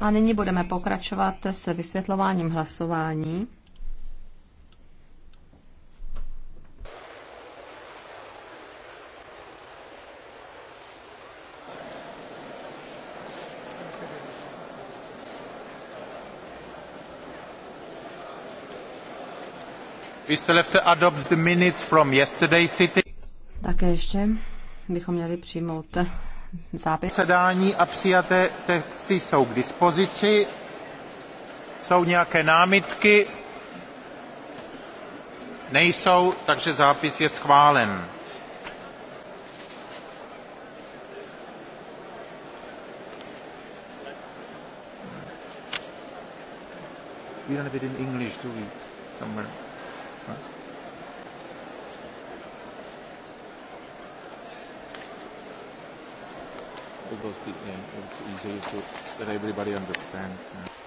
A nyní budeme pokračovat s vysvětlováním hlasování. We still have to adopt the minutes from yesterday's sitting. Také ještě bychom měli přijmout zápis. Sedání a přijaté texty jsou k dispozici. Jsou nějaké námitky? Nejsou, takže zápis je schválen. We don't have it in English, do we? Somewhere. Huh? because it, it's easier to, that everybody understands. Yeah.